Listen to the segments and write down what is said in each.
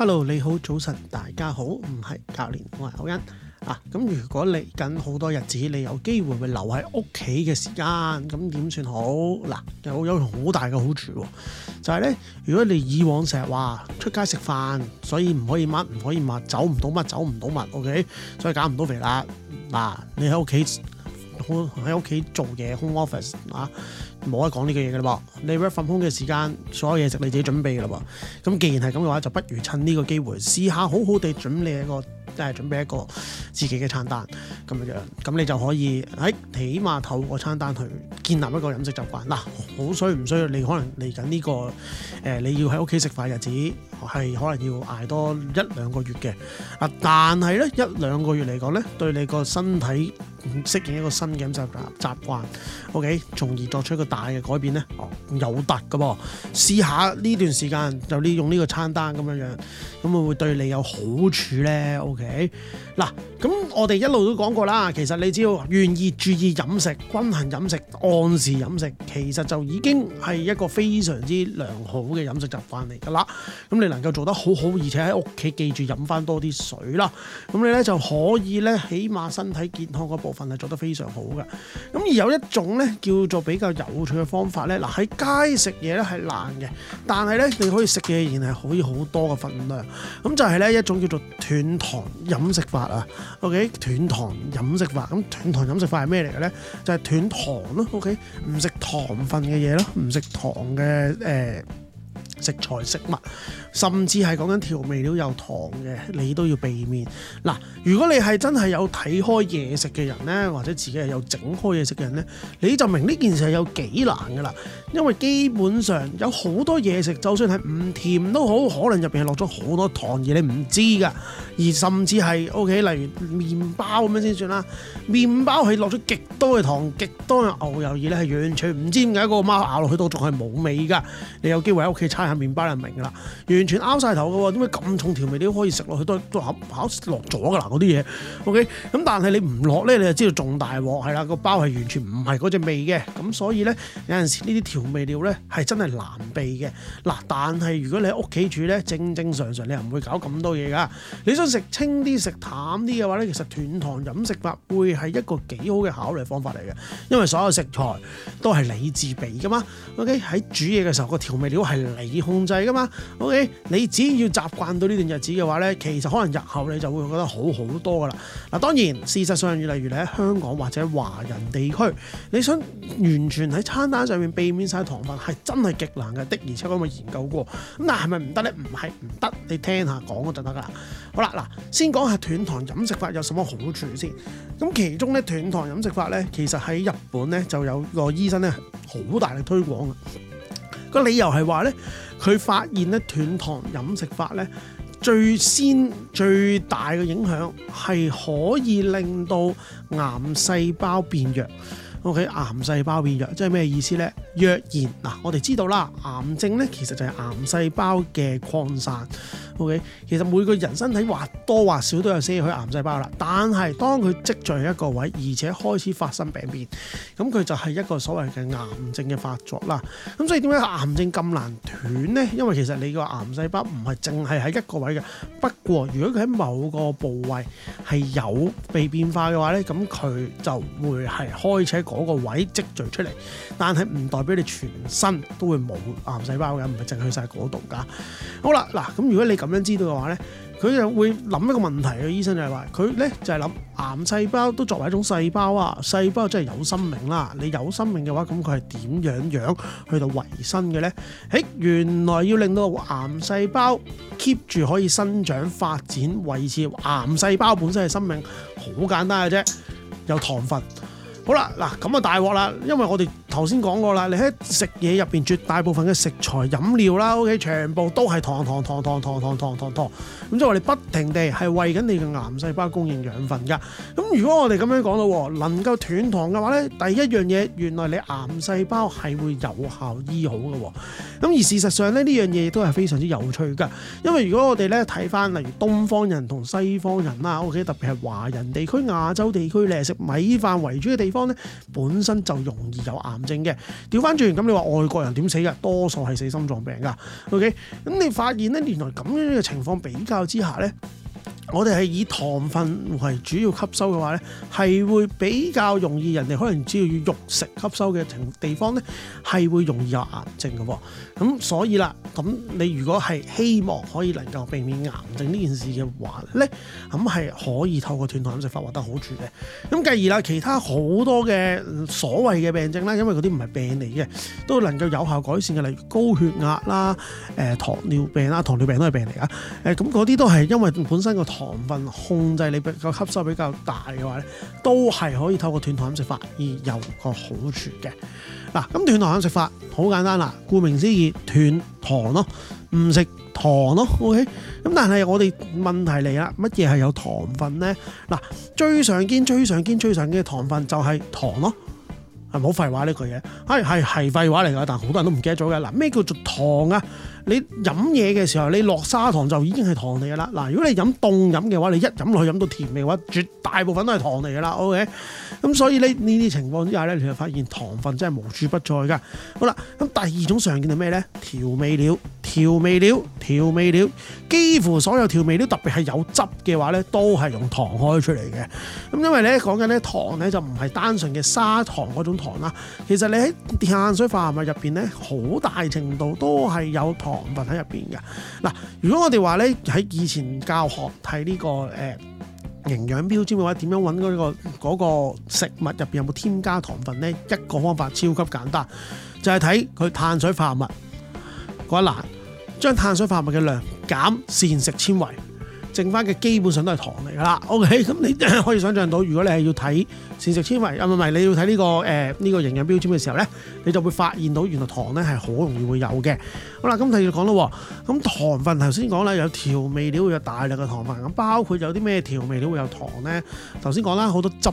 Hello，你好，早晨，大家好，唔係教練，我係歐恩啊。咁如果嚟緊好多日子，你有機會會留喺屋企嘅時間，咁點算好？嗱、啊，有好大嘅好處喎，就係、是、咧，如果你以往成日話出街食飯，所以唔可以乜，唔可以乜，走唔到乜，走唔到乜，OK，所以減唔到肥啦。嗱、啊，你喺屋企。喺屋企做嘢 home office 啊，冇得講呢個嘢嘅啦噃。你 work from home 嘅時間，所有嘢食你自己準備嘅啦噃。咁既然係咁嘅話，就不如趁呢個機會，試下好好地準備一個誒、啊，準備一個自己嘅餐單咁樣。咁、啊、你就可以喺起碼透過餐單去建立一個飲食習慣。嗱、啊，好需唔需要，你可能嚟緊呢個誒、呃，你要喺屋企食飯嘅日子，係可能要挨多一兩個月嘅。啊，但係咧一兩個月嚟講咧，對你個身體。不適應一個新嘅飲食習習慣，OK，從而作出一個大嘅改變咧，有得嘅噃。試下呢段時間就利用呢個餐單咁樣樣，咁會唔會對你有好處呢 OK 嗱，咁、OK? 我哋一路都講過啦，其實你只要願意注意飲食、均衡飲食、按時飲食，其實就已經係一個非常之良好嘅飲食習慣嚟㗎啦。咁你能夠做得好好，而且喺屋企記住飲翻多啲水啦，咁你咧就可以咧，起碼身體健康嘅部分係做得非常好嘅，咁而有一種咧叫做比較有趣嘅方法咧，嗱喺街食嘢咧係難嘅，但係咧你可以食嘅然係可以好多嘅份量，咁就係咧一種叫做斷糖飲食法啊，OK 斷糖飲食法，咁斷糖飲食法係咩嚟嘅咧？就係、是、斷糖咯，OK 唔食糖分嘅嘢咯，唔食糖嘅誒。呃食材食物，甚至係講緊調味料有糖嘅，你都要避免。嗱，如果你係真係有睇開嘢食嘅人咧，或者自己係有整開嘢食嘅人咧，你就明呢件事係有幾難噶啦。因為基本上有好多嘢食，就算係唔甜都好，可能入邊係落咗好多糖而你唔知噶，而甚至係 O.K.，例如麵包咁樣先算啦。麵包係落咗極多嘅糖，極多嘅牛油，而咧係完全唔知點解個貓咬落去都仲係冇味噶。你有機會喺屋企麵包人明啦，完全拗晒頭嘅喎，點解咁重嘅調味料可以食落去都都落咗㗎啦？嗰啲嘢，OK，咁但係你唔落咧，你就知道重大鑊係啦。個包係完全唔係嗰隻味嘅，咁所以咧有陣時呢啲調味料咧係真係難避嘅。嗱，但係如果你喺屋企煮咧，正正常常你係唔會搞咁多嘢㗎。你想食清啲、食淡啲嘅話咧，其實斷糖飲食法會係一個幾好嘅考慮方法嚟嘅，因為所有食材都係你自備㗎嘛。OK，喺煮嘢嘅時候，個調味料係你。控制噶嘛？OK，你只要習慣到呢段日子嘅話咧，其實可能日後你就會覺得好好多噶啦。嗱，當然事實上越嚟越嚟喺香港或者華人地區，你想完全喺餐單上面避免晒糖分係真係極難嘅。的而且確我研究過，咁但係咪唔得咧？唔係唔得，你聽下講就得啦。好啦，嗱，先講下斷糖飲食法有什麼好處先。咁其中咧斷糖飲食法咧，其實喺日本咧就有個醫生咧好大力推廣噶。個理由係話咧。佢發現咧斷糖飲食法咧，最先最大嘅影響係可以令到癌細胞變弱。O.K. 癌細胞變弱，即係咩意思呢？若然嗱，我哋知道啦，癌症呢其實就係癌細胞嘅擴散。O.K. 其實每個人身體或多或少都有些許癌細胞啦，但係當佢積聚一個位，而且開始發生病變，咁佢就係一個所謂嘅癌症嘅發作啦。咁所以點解癌症咁難斷呢？因為其實你個癌細胞唔係淨係喺一個位嘅。不過如果佢喺某個部位係有被變化嘅話呢，咁佢就會係開始。嗰個位積聚出嚟，但係唔代表你全身都會冇癌細胞嘅，唔係淨係去晒嗰度㗎。好啦，嗱，咁如果你咁樣知道嘅話呢，佢就會諗一個問題嘅。醫生就係話佢呢就係、是、諗癌細胞都作為一種細胞啊，細胞真係有生命啦、啊。你有生命嘅話，咁佢係點樣樣去到維生嘅呢？原來要令到癌細胞 keep 住可以生長發展，維持癌細胞本身嘅生命，好簡單嘅啫，有糖分。好啦，嗱，咁啊大鑊啦，因為我哋。頭先講過啦，你喺食嘢入邊絕大部分嘅食材、飲料啦，O.K. 全部都係糖糖糖糖糖糖糖糖，咁即係話你不停地係餵緊你嘅癌細胞供應養分㗎。咁如果我哋咁樣講到，能夠斷糖嘅話咧，第一樣嘢原來你癌細胞係會有效醫好㗎。咁而事實上咧，呢樣嘢都係非常之有趣㗎，因為如果我哋咧睇翻例如東方人同西方人啦，O.K. 特別係華人地區、亞洲地區你食米飯為主嘅地方咧，本身就容易有癌症嘅，調翻轉，咁你話外國人點死噶？多數係死心臟病噶。OK，咁你發現咧，原來咁樣嘅情況比較之下咧，我哋係以糖分為主要吸收嘅話咧，係會比較容易，人哋可能只要肉食吸收嘅停地方咧，係會容易有癌症噶。咁所以啦。咁你如果係希望可以能夠避免癌症呢件事嘅話呢咁係可以透過斷糖飲食法獲得好處嘅。咁繼而啦，其他好多嘅所謂嘅病症啦，因為嗰啲唔係病嚟嘅，都能夠有效改善嘅，例如高血壓啦、誒、呃、糖尿病啦，糖尿病都係病嚟㗎。誒咁嗰啲都係因為本身個糖分控制你個吸收比較大嘅話呢都係可以透過斷糖飲食法而有個好處嘅。嗱，咁斷糖飲食法好簡單啦，顧名思義，斷糖。咯，唔食糖咯，OK，咁但係我哋問題嚟啦，乜嘢係有糖分咧？嗱，最常見、最常見、最常見嘅糖分就係糖咯，係好廢話呢句嘢，係係係廢話嚟噶，但好多人都唔記得咗嘅，嗱，咩叫做糖啊？你飲嘢嘅時候，你落砂糖就已經係糖嚟噶啦。嗱，如果你飲凍飲嘅話，你一飲落去飲到甜味嘅話，絕大部分都係糖嚟噶啦。OK，咁所以呢呢啲情況之下咧，你就發現糖分真係無處不在噶。好啦，咁第二種常見到咩咧？調味料。調味料，調味料，幾乎所有調味料，特別係有汁嘅話呢，都係用糖開出嚟嘅。咁因為呢講緊呢糖呢，就唔係單純嘅砂糖嗰種糖啦，其實你喺碳水化合物入邊呢，好大程度都係有糖分喺入邊嘅。嗱，如果我哋話呢，喺以前教學睇呢、呢個誒、呃、營養標籤嘅話，點樣揾嗰、嗰個、嗰個食物入邊有冇添加糖分呢？一個方法超級簡單，就係睇佢碳水化合物嗰一欄。將碳水化合物嘅量減，膳食纖維，剩翻嘅基本上都係糖嚟㗎啦。OK，咁你可以想象到，如果你係要睇膳食纖維啊，唔係唔係，你要睇呢個誒呢個營養標籤嘅時候呢，你就會發現到原來糖呢係好容易會有嘅。好啦，咁提住講啦，咁糖分頭先講啦，有調味料會有大量嘅糖分，咁包括有啲咩調味料會有糖呢？頭先講啦，好多汁。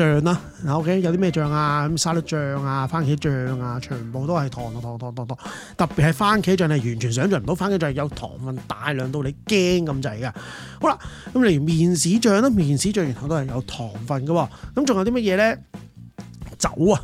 醬啦，OK，有啲咩醬啊？咁、OK，啊、沙律醬啊、番茄醬啊，全部都係糖、啊、糖糖糖糖。特別係番茄醬係完全想像唔到，番茄醬有糖分大量到你驚咁滯噶。好啦，咁例如麵豉醬啦、啊，麵豉醬然後都係有糖分噶。咁仲有啲乜嘢咧？酒啊，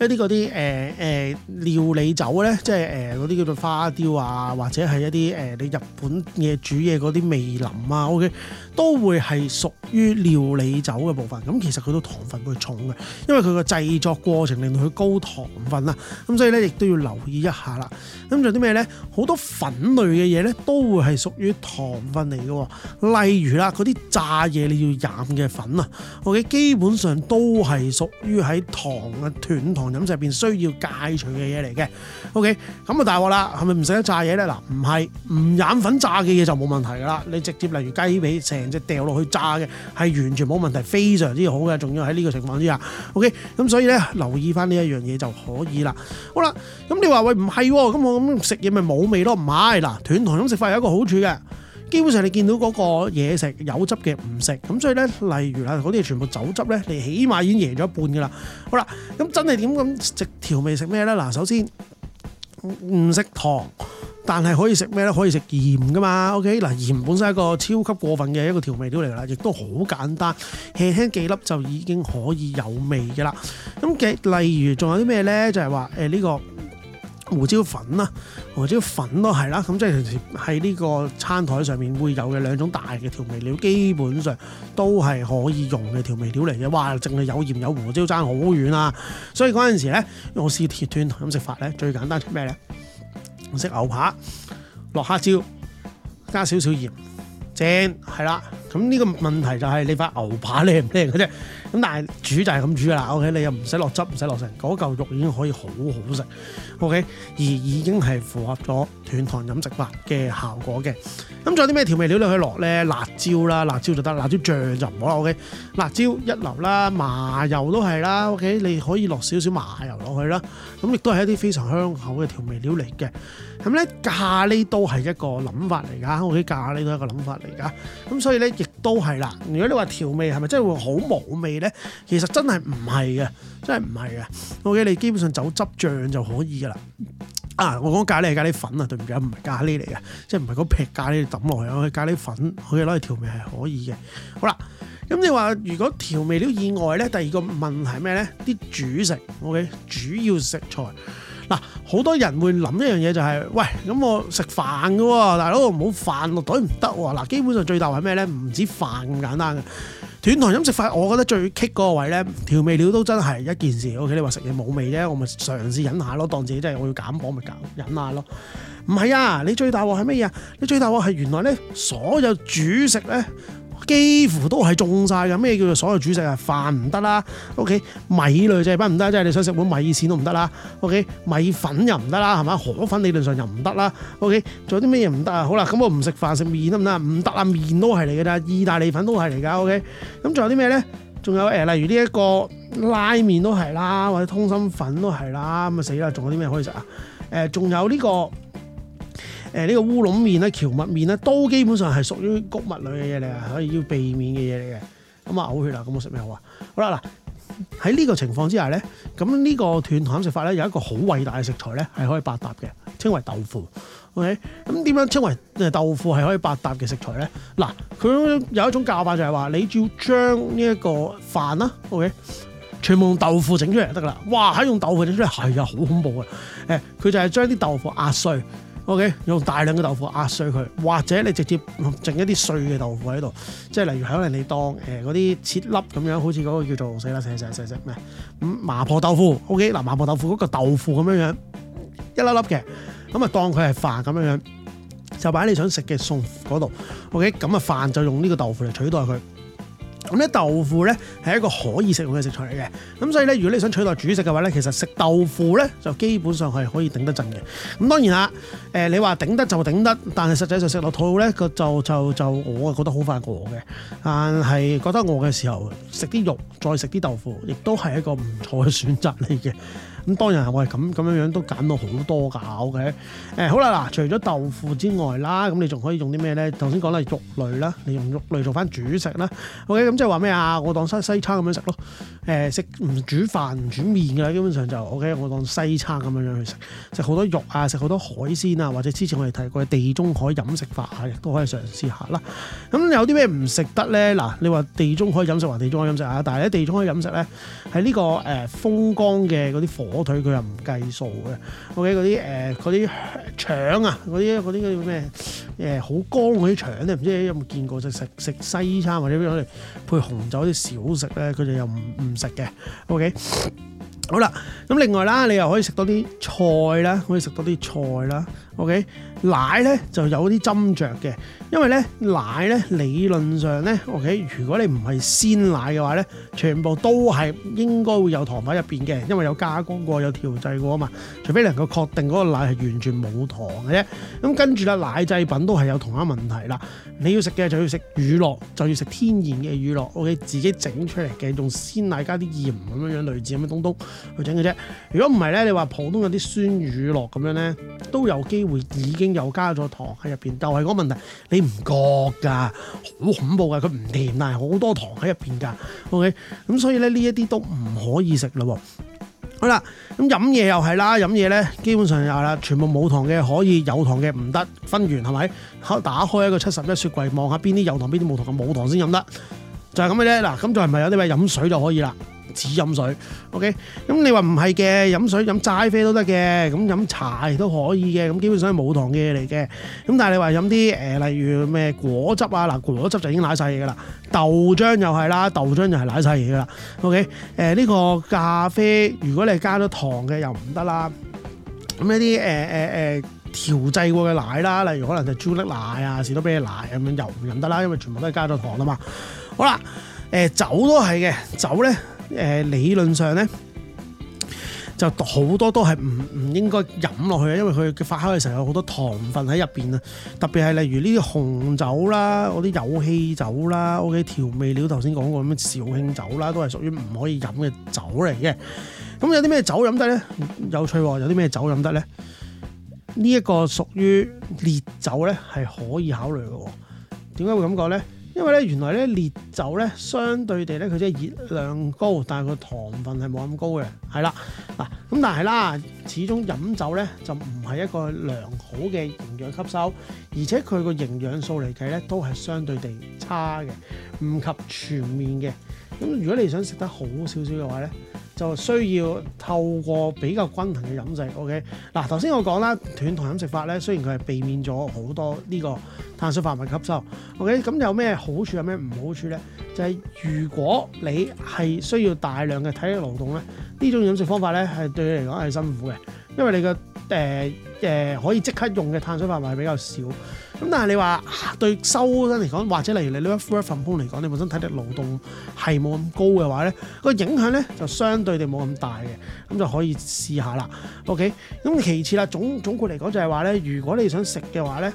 一啲嗰啲誒誒料理酒咧，即係誒嗰啲叫做花雕啊，或者係一啲誒、呃、你日本嘢煮嘢嗰啲味淋啊，OK。都會係屬於料理酒嘅部分，咁其實佢都糖分會重嘅，因為佢個製作過程令到佢高糖分啦，咁所以咧亦都要留意一下啦。咁仲有啲咩咧？好多粉類嘅嘢咧都會係屬於糖分嚟嘅，例如啦嗰啲炸嘢你要醃嘅粉啊，OK，基本上都係屬於喺糖啊、斷糖飲食入邊需要戒除嘅嘢嚟嘅。OK，咁啊大鑊啦，係咪唔食得炸嘢咧？嗱，唔係，唔醃粉炸嘅嘢就冇問題噶啦，你直接例如雞髀。即掉落去炸嘅，係完全冇問題，非常之好嘅。仲要喺呢個情況之下，OK。咁所以咧，留意翻呢一樣嘢就可以啦。好啦，咁你話喂，唔係喎？咁我咁食嘢咪冇味咯？唔係嗱，斷糖咁食法有一個好處嘅。基本上你見到嗰個嘢食有汁嘅唔食，咁所以咧，例如啊嗰啲全部酒汁咧，你起碼已經贏咗一半噶啦。好啦，咁真係點咁食調味食咩咧？嗱，首先唔食糖。但係可以食咩咧？可以食鹽噶嘛？O K 嗱，OK? 鹽本身係一個超級過分嘅一個調味料嚟啦，亦都好簡單，輕輕幾粒就已經可以有味㗎啦。咁嘅例如仲有啲咩咧？就係話呢個胡椒粉啦，胡椒粉都係啦。咁即係平時喺呢個餐台上面會有嘅兩種大嘅調味料，基本上都係可以用嘅調味料嚟嘅。哇，淨係有鹽有胡椒爭好遠啊！所以嗰陣時咧，我試斷糖飲食法咧，最簡單係咩咧？我食牛扒，落黑椒，加少少鹽，正係啦。咁呢個問題就係你塊牛扒靚唔靚嘅啫。咁但係煮就係咁煮噶啦，OK，你又唔使落汁，唔使落成，嗰嚿肉已經可以好好食，OK，而已經係符合咗斷糖飲食法嘅效果嘅。咁仲有啲咩調味料你去落咧？辣椒啦，辣椒就得，辣椒醬就唔好啦，OK。辣椒一流啦，麻油都係啦，OK，你可以落少少麻油落去啦。咁亦都係一啲非常香口嘅調味料嚟嘅。咁咧咖喱都係一個諗法嚟噶，我覺得咖喱都係一個諗法嚟噶。咁所以咧亦都係啦。如果你話調味係咪真係會好冇味？咧，其實真係唔係嘅，真係唔係嘅。OK，你基本上走汁醬就可以噶啦。啊，我講咖喱係咖喱粉啊，對唔住唔係咖喱嚟嘅，即係唔係嗰撇咖喱嚟抌落去，我咖喱粉可以攞嚟調味係可以嘅。好啦，咁你話如果調味料以外咧，第二個問題咩咧？啲主食，OK，主要食材。嗱，好多人會諗一樣嘢就係，喂，咁我食飯嘅喎，大佬唔好飯，落袋唔得喎。嗱，基本上最大係咩咧？唔止飯咁簡單嘅。斷糖飲食法，我覺得最棘嗰個位咧，調味料都真係一件事。OK，你話食嘢冇味啫，我咪嘗試忍下咯，當自己真係我要減磅，咪搞忍下咯。唔係啊，你最大鑊係咩嘢啊？你最大鑊係原來咧，所有主食咧。幾乎都係中晒嘅，咩叫做所有主食啊？飯唔得啦，O K，米類製品唔得，即係你想食碗米線都唔得啦，O K，米粉又唔得啦，係咪？河粉理論上又唔得啦，O K。仲有啲咩嘢唔得啊？好啦，咁我唔食飯食麵得唔得啊？唔得啊，麵都係嚟㗎啦，意大利粉都係嚟㗎，O K。咁仲有啲咩咧？仲有誒、呃，例如呢一個拉麵都係啦，或者通心粉都係啦，咁啊死啦，仲有啲咩可以食啊？誒、呃，仲有呢個。誒，呢個烏龍麵啦、蕎麥麵啦，都基本上係屬於穀物類嘅嘢嚟，可以要避免嘅嘢嚟嘅。咁啊，嘔血啦，咁我食咩好啊？好啦，嗱喺呢個情況之下咧，咁、這、呢個斷糖食法咧有一個好偉大嘅食材咧，係可以百搭嘅，稱為豆腐。OK，咁點樣稱為豆腐係可以百搭嘅食材咧？嗱，佢有一種教法就係、是、話，你要將呢一個飯啦，OK，全部用豆腐整出嚟就得噶啦。哇，係用豆腐整出嚟係啊，好恐怖啊！誒，佢就係將啲豆腐壓碎。O.K. 用大量嘅豆腐壓碎佢，或者你直接整一啲碎嘅豆腐喺度，即係例如可能你當誒嗰啲切粒咁樣，好似嗰個叫做死啦死啦死啦死咩咁麻婆豆腐。O.K. 嗱麻婆豆腐嗰個豆腐咁樣樣一粒粒嘅，咁啊當佢係飯咁樣樣，就擺你想食嘅餸嗰度。O.K. 咁啊飯就用呢個豆腐嚟取代佢。咁咧豆腐咧係一個可以食用嘅食材嚟嘅，咁所以咧如果你想取代主食嘅話咧，其實食豆腐咧就基本上係可以頂得陣嘅。咁當然啦、啊，誒、呃、你話頂得就頂得，但係實際上食落肚咧，個就就就我係覺得好快餓嘅。但係覺得餓嘅時候食啲肉，再食啲豆腐，亦都係一個唔錯嘅選擇嚟嘅。咁當然係我係咁咁樣樣都揀到好多餡嘅。誒、OK? 欸、好啦嗱，除咗豆腐之外啦，咁你仲可以用啲咩咧？頭先講啦，肉類啦，你用肉類做翻主食啦。O K，咁即係話咩啊？我當西西餐咁樣食咯。誒、欸、食唔煮飯唔煮麵嘅啦，基本上就 OK，我當西餐咁樣樣去食，食好多肉啊，食好多海鮮啊，或者之前我哋提過嘅地中海飲食法啊，亦都可以嘗試一下啦。咁有啲咩唔食得咧？嗱，你話地中海飲食還是地中海飲食啊，但係喺地中海飲食咧，喺呢個誒、呃、風光嘅嗰啲火。火腿佢又唔計數嘅，OK 嗰啲誒、嗰啲腸啊，嗰啲嗰啲嗰咩誒、好乾嗰啲腸咧，唔知你有冇見過？就食食西餐或者、呃、配紅酒啲小食咧，佢哋又唔唔食嘅，OK。好啦，咁另外啦，你又可以食多啲菜啦，可以食多啲菜啦。OK，奶呢就有啲斟酌嘅，因為呢奶呢，理論上呢，OK。如果你唔係鮮奶嘅話呢，全部都係應該會有糖喺入面嘅，因為有加工過、有調製過啊嘛。除非能夠確定嗰個奶係完全冇糖嘅啫。咁跟住啦，奶製品都係有同一問題啦。你要食嘅就要食乳酪，就要食天然嘅乳酪。OK，自己整出嚟嘅，用鮮奶加啲鹽咁樣樣，類似咁樣東東去整嘅啫，如果唔係咧，你話普通有啲酸乳酪咁樣咧，都有機會已經有加咗糖喺入邊，就係個問題，你唔覺噶，好恐怖噶，佢唔甜但係好多糖喺入邊噶，ok，咁所以咧呢一啲都唔可以食咯，好啦，咁飲嘢又係啦，飲嘢咧基本上又係啦，全部冇糖嘅可以，有糖嘅唔得，分完係咪？開，打開一個七十一雪櫃，望下邊啲有糖邊啲冇糖，冇糖先飲得，就係咁嘅啫，嗱，咁就係咪有啲咩飲水就可以啦？只飲水，OK，咁你話唔係嘅，飲水飲齋啡都得嘅，咁飲茶亦都可以嘅，咁基本上係無糖嘅嘢嚟嘅。咁但係你話飲啲誒，例如咩果汁啊，嗱，果汁就已經奶晒嘢噶啦，豆漿又係啦，豆漿又係奶晒嘢噶啦，OK，誒、呃、呢、這個咖啡如果你係加咗糖嘅又唔得啦，咁一啲誒誒誒調製過嘅奶啦，例如可能就朱古力奶啊、士多啤梨奶咁樣又唔飲得啦，因為全部都係加咗糖啊嘛。好啦，誒酒都係嘅，酒咧。酒呢誒、呃、理論上咧，就好多都係唔唔應該飲落去啊，因為佢佢發酵嘅時候有好多糖分喺入邊啊。特別係例如呢啲紅酒啦，嗰啲有氣酒啦，OK 調味料頭先講過咁嘅紹興酒啦，都係屬於唔可以飲嘅酒嚟嘅。咁有啲咩酒飲得咧？有趣喎，有啲咩酒飲得咧？呢、這、一個屬於烈酒咧，係可以考慮嘅。點解會咁講咧？因為咧，原來咧烈酒咧，相對地咧，佢即係熱量高，但係個糖分係冇咁高嘅，係啦，嗱，咁但係啦，始終飲酒咧就唔係一個良好嘅營養吸收，而且佢個營養素嚟計咧都係相對地差嘅，唔及全面嘅。咁如果你想食得好少少嘅話咧。就需要透過比較均衡嘅飲食，OK 嗱頭先我講啦，斷糖飲食法咧，雖然佢係避免咗好多呢個碳水化合物吸收，OK 咁有咩好處有咩唔好處咧？就係、是、如果你係需要大量嘅體力勞動咧，呢種飲食方法咧係對你嚟講係辛苦嘅，因為你嘅。誒誒、呃呃、可以即刻用嘅碳水化合物比較少，咁但係你話對修身嚟講，或者例如你 work from home 嚟講，你本身體力勞動係冇咁高嘅話咧，個影響咧就相對地冇咁大嘅，咁就可以試下啦。OK，咁其次啦，總總括嚟講就係話咧，如果你想食嘅話咧，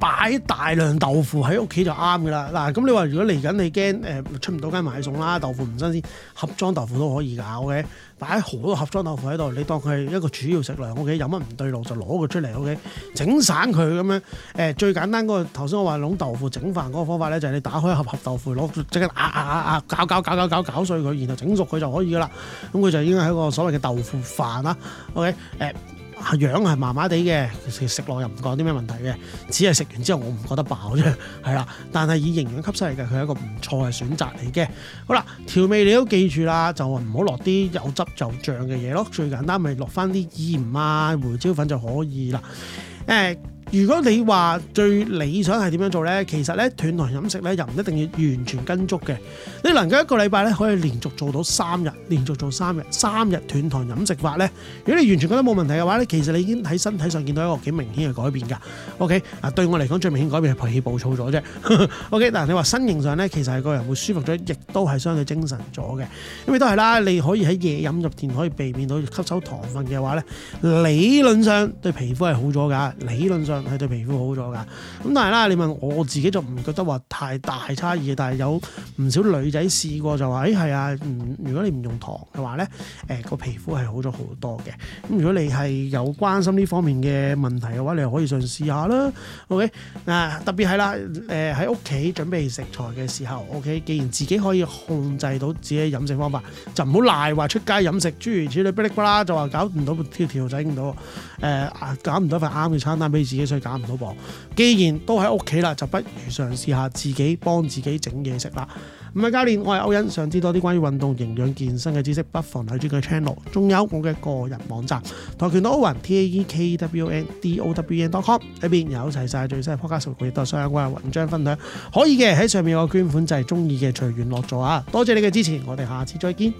擺大量豆腐喺屋企就啱噶啦。嗱，咁你話如果嚟緊你驚誒、呃、出唔到街買餸啦，豆腐唔新鮮，盒裝豆腐都可以㗎，OK。擺好多盒裝豆腐喺度，你當佢係一個主要食糧。o、OK? K。有乜唔對路就攞佢出嚟，O K。整、OK? 散佢咁樣、欸，最簡單嗰個頭先我話攞豆腐整飯嗰個方法咧，就係、是、你打開一盒盒豆腐攞，即刻啊啊啊啊，攪攪攪攪攪攪碎佢，然後整熟佢就可以噶啦。咁佢就已經係一個所謂嘅豆腐飯啦，O K。誒、OK? 欸。啊樣係麻麻地嘅，食食落又唔覺啲咩問題嘅，只係食完之後我唔覺得飽啫，係啦。但係以營養吸收嚟嘅，佢係一個唔錯嘅選擇嚟嘅。好啦，調味料都記住啦，就唔好落啲有汁就有醬嘅嘢咯。最簡單咪落返啲鹽啊、胡椒粉就可以啦。誒、呃。如果你話最理想係點樣做呢？其實呢，斷糖飲食呢，又唔一定要完全跟足嘅。你能夠一個禮拜呢，可以連續做到三日，連續做三日，三日斷糖飲食法呢，如果你完全覺得冇問題嘅話呢，其實你已經喺身體上見到一個幾明顯嘅改變㗎。OK 啊，對我嚟講最明顯改變係脾氣暴躁咗啫。 OK，但、啊、你話身形上呢，其實係個人會舒服咗，亦都係相對精神咗嘅，因為都係啦。你可以喺夜飲入邊可以避免到吸收糖分嘅話呢，理論上對皮膚係好咗㗎，理論上。係對皮膚好咗㗎，咁但係啦，你問我自己就唔覺得話太大差異，但係有唔少女仔試過就話，咦係啊，嗯，如果你唔用糖嘅話咧，誒個皮膚係好咗好多嘅。咁如果你係有關心呢方面嘅問題嘅話，你係可以嘗試下啦。OK，嗱特別係啦，誒喺屋企準備食材嘅時候，OK，既然自己可以控制到自己飲食方法，就唔好賴話出街飲食諸如此類，噼哩啪啦就話搞唔到調仔，唔到，誒搞唔到份啱嘅餐單俾自己。減唔到磅，既然都喺屋企啦，就不如嘗試下自己幫自己整嘢食啦。唔係教練，我係歐欣，想知多啲關於運動、營養、健身嘅知識，不妨睇住佢嘅 channel，仲有我嘅個人網站跆拳道 owen t a e k w o n d o w e n dot com，喺邊有齊晒最新 Podcast 數據，所有相關文章分享。可以嘅喺上面我捐款就係中意嘅隨緣樂助啊！多謝你嘅支持，我哋下次再見。